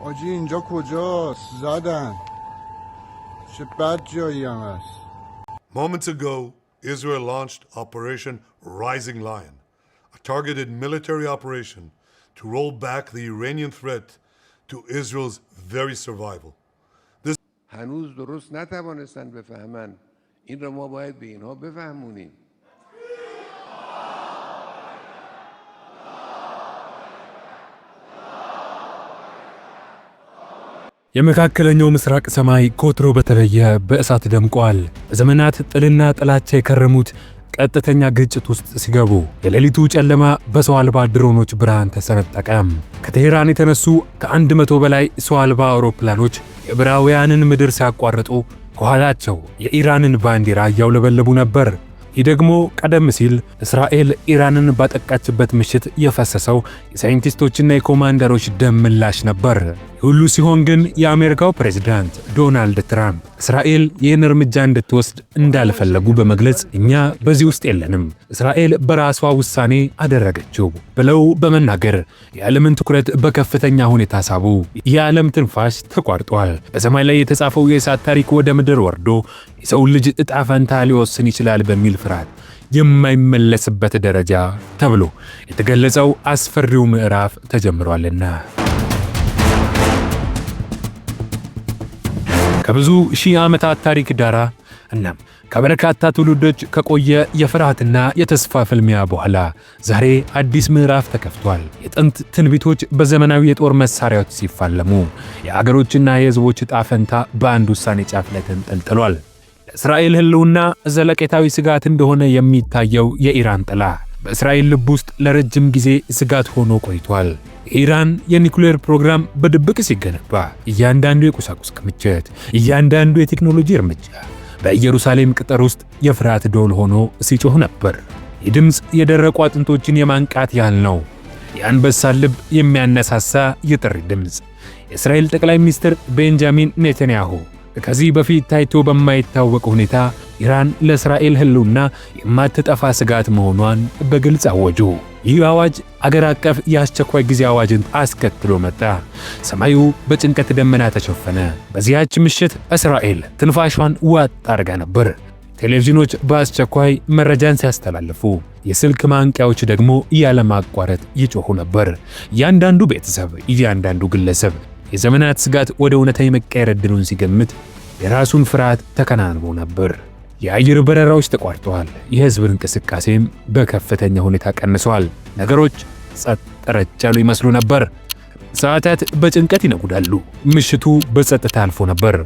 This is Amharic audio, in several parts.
آجی اینجا کجاست زدن چه بد جایی هم هست Moments ago, Israel launched Operation Rising Lion, a targeted military operation to roll back the Iranian threat to Israel's very survival. This هنوز درست نتوانستند بفهمند این را ما باید به اینها بفهمونیم የመካከለኛው ምስራቅ ሰማይ ከወትሮ በተለየ በእሳት ደምቋል። ዘመናት ጥልና ጥላቻ የከረሙት ቀጥተኛ ግጭት ውስጥ ሲገቡ የሌሊቱ ጨለማ በሰው አልባ ድሮኖች ብርሃን ተሰነጠቀ። ከቴሄራን የተነሱ ከ100 በላይ ሰው አልባ አውሮፕላኖች የዕብራውያንን ምድር ሲያቋርጡ ከኋላቸው የኢራንን ባንዲራ እያውለበለቡ ነበር። ይህ ደግሞ ቀደም ሲል እስራኤል ኢራንን ባጠቃችበት ምሽት የፈሰሰው የሳይንቲስቶችና የኮማንደሮች ደም ምላሽ ነበር። ሁሉ ሲሆን ግን የአሜሪካው ፕሬዝዳንት ዶናልድ ትራምፕ እስራኤል ይህን እርምጃ እንድትወስድ እንዳልፈለጉ በመግለጽ እኛ በዚህ ውስጥ የለንም፣ እስራኤል በራሷ ውሳኔ አደረገችው ብለው በመናገር የዓለምን ትኩረት በከፍተኛ ሁኔታ ሳቡ። የዓለም ትንፋሽ ተቋርጧል። በሰማይ ላይ የተጻፈው የእሳት ታሪክ ወደ ምድር ወርዶ የሰውን ልጅ እጣ ፈንታ ሊወስን ይችላል በሚል ስርዓት የማይመለስበት ደረጃ ተብሎ የተገለጸው አስፈሪው ምዕራፍ ተጀምሯልና ከብዙ ሺህ ዓመታት ታሪክ ዳራ እናም ከበርካታ ትውልዶች ከቆየ የፍርሃትና የተስፋ ፍልሚያ በኋላ ዛሬ አዲስ ምዕራፍ ተከፍቷል። የጥንት ትንቢቶች በዘመናዊ የጦር መሳሪያዎች ሲፋለሙ፣ የአገሮችና የሕዝቦች ዕጣ ፈንታ በአንድ ውሳኔ ጫፍ ላይ ተንጠልጥሏል። እስራኤል ህልውና ዘለቄታዊ ስጋት እንደሆነ የሚታየው የኢራን ጥላ በእስራኤል ልብ ውስጥ ለረጅም ጊዜ ስጋት ሆኖ ቆይቷል። የኢራን የኒኩሌር ፕሮግራም በድብቅ ሲገነባ፣ እያንዳንዱ የቁሳቁስ ክምችት፣ እያንዳንዱ የቴክኖሎጂ እርምጃ በኢየሩሳሌም ቅጥር ውስጥ የፍርሃት ዶል ሆኖ ሲጮህ ነበር። ይህ ድምፅ የደረቁ አጥንቶችን የማንቃት ያህል ነው። የአንበሳን ልብ የሚያነሳሳ የጥሪ ድምፅ። የእስራኤል ጠቅላይ ሚኒስትር ቤንጃሚን ኔተንያሁ ከዚህ በፊት ታይቶ በማይታወቅ ሁኔታ ኢራን ለእስራኤል ህልውና የማትጠፋ ስጋት መሆኗን በግልጽ አወጁ። ይህ አዋጅ አገር አቀፍ የአስቸኳይ ጊዜ አዋጅን አስከትሎ መጣ። ሰማዩ በጭንቀት ደመና ተሸፈነ። በዚያች ምሽት እስራኤል ትንፋሿን ዋጥ አድርጋ ነበር። ቴሌቪዥኖች በአስቸኳይ መረጃን ሲያስተላልፉ፣ የስልክ ማንቂያዎች ደግሞ ያለማቋረጥ ይጮኹ ነበር። እያንዳንዱ ቤተሰብ፣ እያንዳንዱ ግለሰብ የዘመናት ስጋት ወደ እውነታ የመቀየር ዕድሉን ሲገምት የራሱን ፍርሃት ተከናንቦ ነበር። የአየር በረራዎች ተቋርጠዋል። የህዝብ እንቅስቃሴም በከፍተኛ ሁኔታ ቀንሷል። ነገሮች ጸጥ ረጭ ያሉ ይመስሉ ነበር። ሰዓታት በጭንቀት ይነጉዳሉ። ምሽቱ በጸጥታ አልፎ ነበር።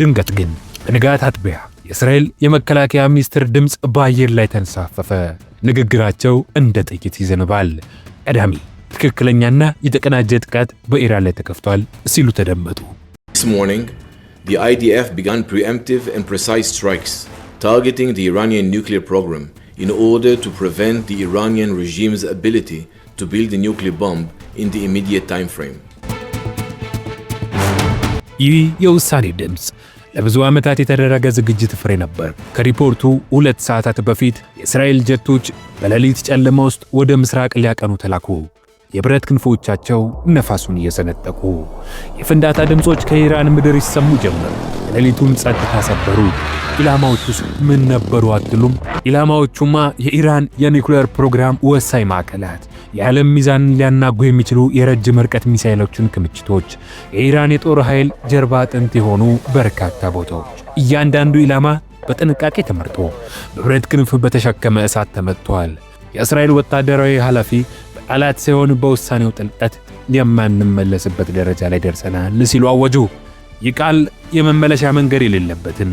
ድንገት ግን በንጋት አጥቢያ የእስራኤል የመከላከያ ሚኒስትር ድምፅ በአየር ላይ ተንሳፈፈ። ንግግራቸው እንደ ጥይት ይዘንባል። ቀዳሚ ትክክለኛና የተቀናጀ ጥቃት በኢራን ላይ ተከፍቷል ሲሉ ተደመጡ። This morning, the IDF began preemptive and precise strikes targeting the Iranian nuclear program in order to prevent the Iranian regime's ability to build a nuclear bomb in the immediate time frame. ይህ የውሳኔ ድምፅ ለብዙ ዓመታት የተደረገ ዝግጅት ፍሬ ነበር። ከሪፖርቱ ሁለት ሰዓታት በፊት የእስራኤል ጀቶች በሌሊት ጨለማ ውስጥ ወደ ምስራቅ ሊያቀኑ ተላኩ። የብረት ክንፎቻቸው ነፋሱን እየሰነጠቁ የፍንዳታ ድምፆች ከኢራን ምድር ይሰሙ ጀመሩ። ሌሊቱን ጸጥታ ሰበሩ። ኢላማዎቹስ ምን ነበሩ አትሉም? ኢላማዎቹማ የኢራን የኒውክሌር ፕሮግራም ወሳኝ ማዕከላት፣ የዓለም ሚዛንን ሊያናጉ የሚችሉ የረጅም ርቀት ሚሳይሎችን ክምችቶች፣ የኢራን የጦር ኃይል ጀርባ አጥንት የሆኑ በርካታ ቦታዎች። እያንዳንዱ ኢላማ በጥንቃቄ ተመርጦ በብረት ክንፍ በተሸከመ እሳት ተመጥቷል። የእስራኤል ወታደራዊ ኃላፊ ቃላት ሳይሆን በውሳኔው ጥልቀት የማንመለስበት ደረጃ ላይ ደርሰናል ሲሉ አወጁ። ይህ ቃል የመመለሻ መንገድ የሌለበትን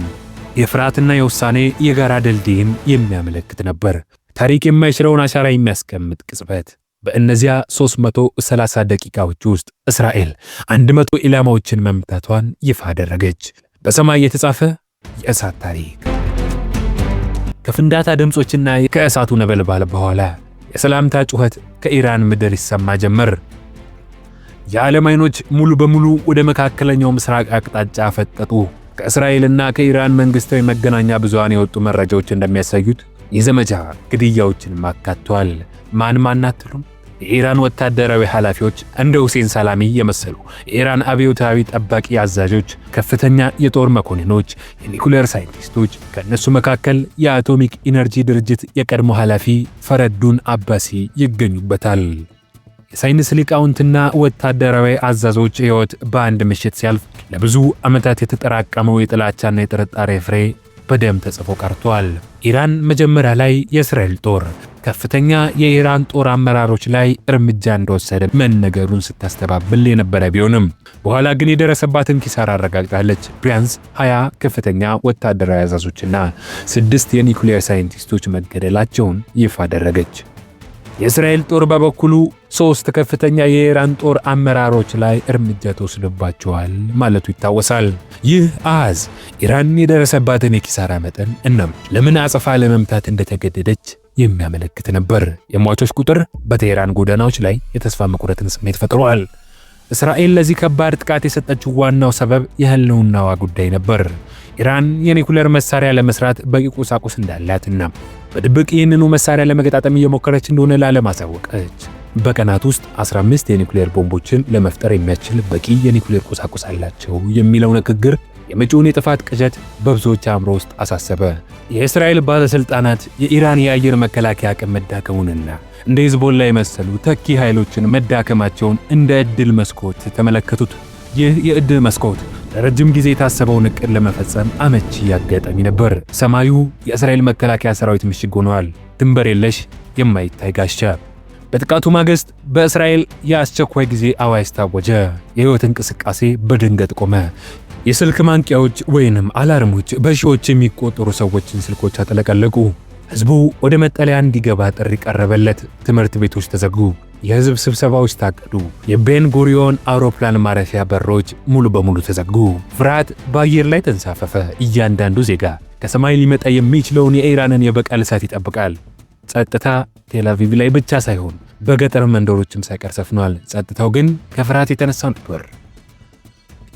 የፍርሃትና የውሳኔ የጋራ ድልድይም የሚያመለክት ነበር። ታሪክ የማይሽረውን አሻራ የሚያስቀምጥ ቅጽበት። በእነዚያ 330 ደቂቃዎች ውስጥ እስራኤል 100 ኢላማዎችን መምታቷን ይፋ አደረገች። በሰማይ የተጻፈ የእሳት ታሪክ ከፍንዳታ ድምፆችና ከእሳቱ ነበልባል በኋላ የሰላምታ ጩኸት ከኢራን ምድር ይሰማ ጀመር። የዓለም አይኖች ሙሉ በሙሉ ወደ መካከለኛው ምስራቅ አቅጣጫ ፈጠጡ። ከእስራኤልና ከኢራን መንግሥታዊ መገናኛ ብዙሃን የወጡ መረጃዎች እንደሚያሳዩት የዘመቻ ግድያዎችን አካቷል። ማን ማን አትሉም? የኢራን ወታደራዊ ኃላፊዎች እንደ ሁሴን ሳላሚ የመሰሉ የኢራን አብዮታዊ ጠባቂ አዛዦች፣ ከፍተኛ የጦር መኮንኖች፣ የኒኩሌር ሳይንቲስቶች፣ ከእነሱ መካከል የአቶሚክ ኢነርጂ ድርጅት የቀድሞ ኃላፊ ፈረዱን አባሲ ይገኙበታል። የሳይንስ ሊቃውንትና ወታደራዊ አዛዦች ሕይወት በአንድ ምሽት ሲያልፍ ለብዙ ዓመታት የተጠራቀመው የጥላቻና የጥርጣሬ ፍሬ በደም ተጽፎ ቀርቷል። ኢራን መጀመሪያ ላይ የእስራኤል ጦር ከፍተኛ የኢራን ጦር አመራሮች ላይ እርምጃ እንደወሰደ መነገሩን ስታስተባብል የነበረ ቢሆንም በኋላ ግን የደረሰባትን ኪሳራ አረጋግጣለች። ቢያንስ 20 ከፍተኛ ወታደራዊ አዛዞችና ስድስት የኒውክሌር ሳይንቲስቶች መገደላቸውን ይፋ አደረገች። የእስራኤል ጦር በበኩሉ ሶስት ከፍተኛ የኢራን ጦር አመራሮች ላይ እርምጃ ተወስዶባቸዋል ማለቱ ይታወሳል። ይህ አሃዝ ኢራን የደረሰባትን የኪሳራ መጠን እናም ለምን አጸፋ ለመምታት እንደተገደደች የሚያመለክት ነበር። የሟቾች ቁጥር በቴህራን ጎዳናዎች ላይ የተስፋ መቁረጥን ስሜት ፈጥሯል። እስራኤል ለዚህ ከባድ ጥቃት የሰጠችው ዋናው ሰበብ የህልውናዋ ጉዳይ ነበር። ኢራን የኒኩሌር መሳሪያ ለመስራት በቂ ቁሳቁስ እንዳላትና በድብቅ ይህንኑ መሳሪያ ለመገጣጠም እየሞከረች እንደሆነ ለዓለም አሳወቀች። በቀናት ውስጥ 15 የኒኩሌር ቦምቦችን ለመፍጠር የሚያስችል በቂ የኒኩሌር ቁሳቁስ አላቸው የሚለው ንግግር የመጪውን የጥፋት ቅዠት በብዙዎች አእምሮ ውስጥ አሳሰበ። የእስራኤል ባለሥልጣናት የኢራን የአየር መከላከያ አቅም መዳከሙንና እንደ ሂዝቦላ የመሰሉ ተኪ ኃይሎችን መዳከማቸውን እንደ ዕድል መስኮት ተመለከቱት። ይህ የዕድል መስኮት ለረጅም ጊዜ የታሰበውን ዕቅድ ለመፈጸም አመቺ አጋጣሚ ነበር። ሰማዩ የእስራኤል መከላከያ ሰራዊት ምሽግ ሆነዋል። ድንበር የለሽ የማይታይ ጋሻ። በጥቃቱ ማግስት በእስራኤል የአስቸኳይ ጊዜ አዋጅ ታወጀ። የሕይወት እንቅስቃሴ በድንገት ቆመ። የስልክ ማንቂያዎች ወይንም አላርሞች በሺዎች የሚቆጠሩ ሰዎችን ስልኮች አጠለቀለቁ። ህዝቡ ወደ መጠለያ እንዲገባ ጥሪ ቀረበለት። ትምህርት ቤቶች ተዘጉ። የህዝብ ስብሰባዎች ታቀዱ። የቤን ጉሪዮን አውሮፕላን ማረፊያ በሮች ሙሉ በሙሉ ተዘጉ። ፍርሃት በአየር ላይ ተንሳፈፈ። እያንዳንዱ ዜጋ ከሰማይ ሊመጣ የሚችለውን የኢራንን የበቀል እሳት ይጠብቃል። ጸጥታ ቴል ላይ ብቻ ሳይሆን በገጠር መንደሮችም ሳይቀር ሰፍኗል። ጸጥታው ግን ከፍርሃት የተነሳ ነበር።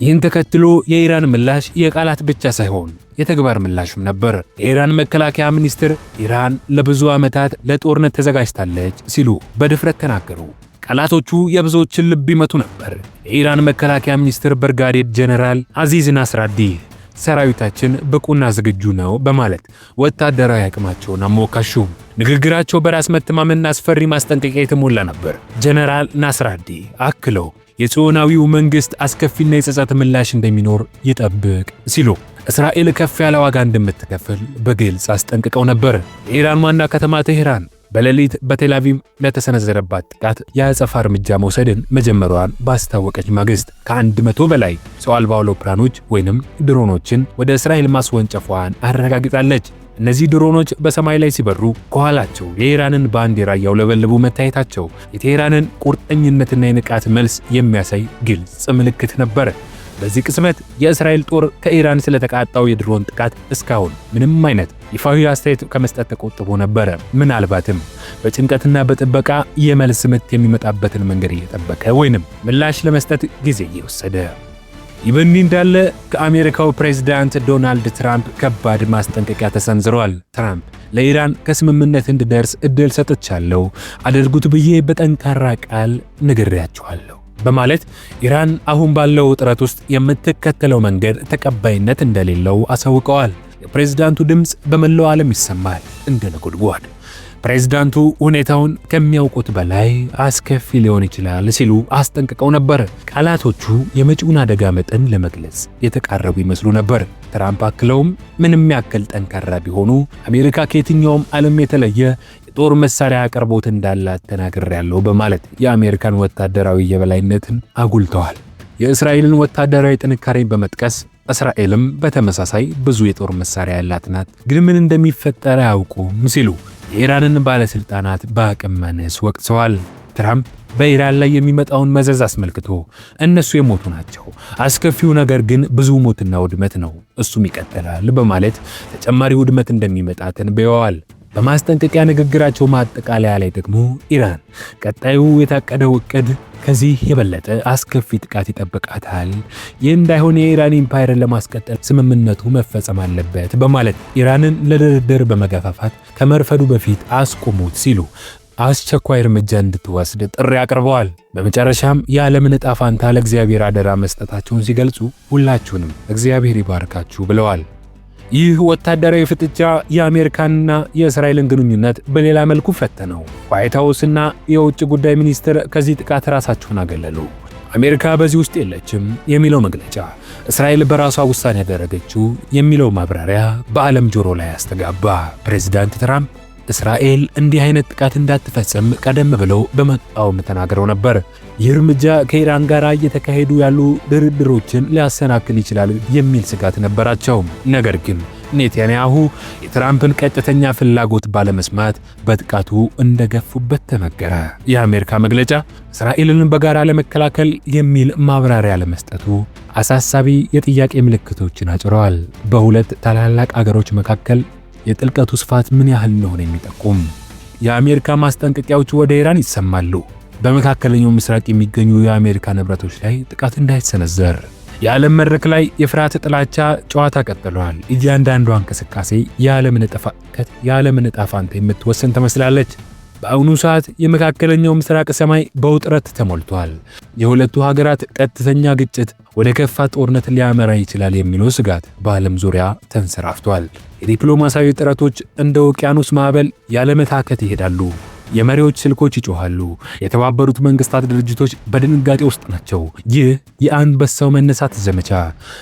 ይህን ተከትሎ የኢራን ምላሽ የቃላት ብቻ ሳይሆን የተግባር ምላሹም ነበር። የኢራን መከላከያ ሚኒስትር ኢራን ለብዙ ዓመታት ለጦርነት ተዘጋጅታለች ሲሉ በድፍረት ተናገሩ። ቃላቶቹ የብዙዎችን ልብ ይመቱ ነበር። የኢራን መከላከያ ሚኒስትር ብርጋዴር ጄኔራል አዚዝ ናስራዲ ሰራዊታችን ብቁና ዝግጁ ነው በማለት ወታደራዊ አቅማቸውን አሞካሹም ንግግራቸው በራስ መተማመንና አስፈሪ ማስጠንቀቂያ የተሞላ ነበር። ጄኔራል ናስራዲ አክለው የጽዮናዊው መንግሥት አስከፊና የጸጸት ምላሽ እንደሚኖር ይጠብቅ ሲሉ እስራኤል ከፍ ያለ ዋጋ እንደምትከፍል በግልጽ አስጠንቅቀው ነበር። የኢራን ዋና ከተማ ቴህራን በሌሊት በቴላቪቭ ለተሰነዘረባት ጥቃት የአጸፋ እርምጃ መውሰድን መጀመሯን ባስታወቀች ማግስት ከአንድ መቶ በላይ ሰው አልባ አውሮፕላኖች ወይንም ድሮኖችን ወደ እስራኤል ማስወንጨፏን አረጋግጣለች። እነዚህ ድሮኖች በሰማይ ላይ ሲበሩ ከኋላቸው የኢራንን ባንዲራ እያውለበለቡ መታየታቸው የቴህራንን ቁርጠኝነትና የንቃት መልስ የሚያሳይ ግልጽ ምልክት ነበር። በዚህ ቅስመት የእስራኤል ጦር ከኢራን ስለተቃጣው የድሮን ጥቃት እስካሁን ምንም አይነት ይፋዊ አስተያየት ከመስጠት ተቆጥቦ ነበረ። ምናልባትም በጭንቀትና በጥበቃ የመልስ ምት የሚመጣበትን መንገድ እየጠበቀ ወይንም ምላሽ ለመስጠት ጊዜ እየወሰደ ይህ በእንዲህ እንዳለ ከአሜሪካው ፕሬዝዳንት ዶናልድ ትራምፕ ከባድ ማስጠንቀቂያ ተሰንዝሯል። ትራምፕ ለኢራን ከስምምነት እንድደርስ እድል ሰጥቻለሁ፣ አድርጉት ብዬ በጠንካራ ቃል ነግሬያችኋለሁ በማለት ኢራን አሁን ባለው ውጥረት ውስጥ የምትከተለው መንገድ ተቀባይነት እንደሌለው አሳውቀዋል። የፕሬዝዳንቱ ድምፅ በመላው ዓለም ይሰማል እንደ ነጎድጓድ። ፕሬዝዳንቱ ሁኔታውን ከሚያውቁት በላይ አስከፊ ሊሆን ይችላል ሲሉ አስጠንቅቀው ነበር። ቃላቶቹ የመጪውን አደጋ መጠን ለመግለጽ የተቃረቡ ይመስሉ ነበር። ትራምፕ አክለውም ምንም ያክል ጠንካራ ቢሆኑ አሜሪካ ከየትኛውም ዓለም የተለየ የጦር መሳሪያ አቅርቦት እንዳላት ተናግሬያለሁ በማለት የአሜሪካን ወታደራዊ የበላይነትን አጉልተዋል። የእስራኤልን ወታደራዊ ጥንካሬን በመጥቀስ እስራኤልም በተመሳሳይ ብዙ የጦር መሳሪያ ያላት ናት፣ ግን ምን እንደሚፈጠር አያውቁም ሲሉ የኢራንን ባለሥልጣናት በአቅም ማነስ ወቅሰዋል። ትራምፕ በኢራን ላይ የሚመጣውን መዘዝ አስመልክቶ እነሱ የሞቱ ናቸው፣ አስከፊው ነገር ግን ብዙ ሞትና ውድመት ነው፣ እሱም ይቀጥላል በማለት ተጨማሪ ውድመት እንደሚመጣ ተንብየዋል። በማስጠንቀቂያ ንግግራቸው ማጠቃለያ ላይ ደግሞ ኢራን ቀጣዩ የታቀደው እቅድ ከዚህ የበለጠ አስከፊ ጥቃት ይጠብቃታል። ይህ እንዳይሆን የኢራን ኢምፓየርን ለማስቀጠል ስምምነቱ መፈጸም አለበት በማለት ኢራንን ለድርድር በመገፋፋት ከመርፈዱ በፊት አስቆሙት ሲሉ አስቸኳይ እርምጃ እንድትወስድ ጥሪ አቅርበዋል። በመጨረሻም የዓለምን ዕጣ ፋንታ ለእግዚአብሔር አደራ መስጠታቸውን ሲገልጹ ሁላችሁንም እግዚአብሔር ይባርካችሁ ብለዋል። ይህ ወታደራዊ ፍጥጫ የአሜሪካንና የእስራኤልን ግንኙነት በሌላ መልኩ ፈተነው። ዋይት ሀውስና የውጭ ጉዳይ ሚኒስትር ከዚህ ጥቃት ራሳቸውን አገለሉ። አሜሪካ በዚህ ውስጥ የለችም የሚለው መግለጫ እስራኤል በራሷ ውሳኔ ያደረገችው የሚለው ማብራሪያ በዓለም ጆሮ ላይ ያስተጋባ። ፕሬዚዳንት ትራምፕ እስራኤል እንዲህ አይነት ጥቃት እንዳትፈጽም ቀደም ብለው በመቃወም ተናግረው ነበር። ይህ እርምጃ ከኢራን ጋር እየተካሄዱ ያሉ ድርድሮችን ሊያሰናክል ይችላል የሚል ስጋት ነበራቸው። ነገር ግን ኔታንያሁ የትራምፕን ቀጥተኛ ፍላጎት ባለመስማት በጥቃቱ እንደገፉበት ተመገረ። የአሜሪካ መግለጫ እስራኤልን በጋራ ለመከላከል የሚል ማብራሪያ ለመስጠቱ አሳሳቢ የጥያቄ ምልክቶችን አጭረዋል። በሁለት ታላላቅ አገሮች መካከል የጥልቀቱ ስፋት ምን ያህል እንደሆነ የሚጠቁም የአሜሪካ ማስጠንቀቂያዎች ወደ ኢራን ይሰማሉ። በመካከለኛው ምስራቅ የሚገኙ የአሜሪካ ንብረቶች ላይ ጥቃት እንዳይሰነዘር። የዓለም መድረክ ላይ የፍርሃት ጥላቻ ጨዋታ ቀጥሏል። እያንዳንዷ እንቅስቃሴ የዓለምን ዕጣ ፈንታ የምትወሰን ትመስላለች። በአሁኑ ሰዓት የመካከለኛው ምስራቅ ሰማይ በውጥረት ተሞልቷል። የሁለቱ ሀገራት ቀጥተኛ ግጭት ወደ ከፋ ጦርነት ሊያመራ ይችላል የሚለው ስጋት በዓለም ዙሪያ ተንሰራፍቷል። የዲፕሎማሲያዊ ጥረቶች እንደ ውቅያኖስ ማዕበል ያለመታከት ይሄዳሉ። የመሪዎች ስልኮች ይጮኋሉ። የተባበሩት መንግስታት ድርጅቶች በድንጋጤ ውስጥ ናቸው። ይህ የአንበሳው መነሳት ዘመቻ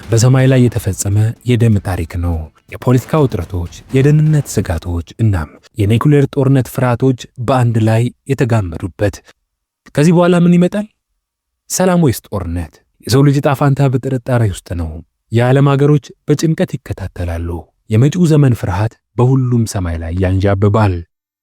በሰማይ ላይ የተፈጸመ የደም ታሪክ ነው። የፖለቲካ ውጥረቶች፣ የደህንነት ስጋቶች እናም የኒኩሌር ጦርነት ፍርሃቶች በአንድ ላይ የተጋመዱበት። ከዚህ በኋላ ምን ይመጣል? ሰላም ወይስ ጦርነት? የሰው ልጅ ዕጣ ፈንታ በጥርጣሬ ውስጥ ነው። የዓለም ሀገሮች በጭንቀት ይከታተላሉ። የመጪው ዘመን ፍርሃት በሁሉም ሰማይ ላይ ያንዣብባል።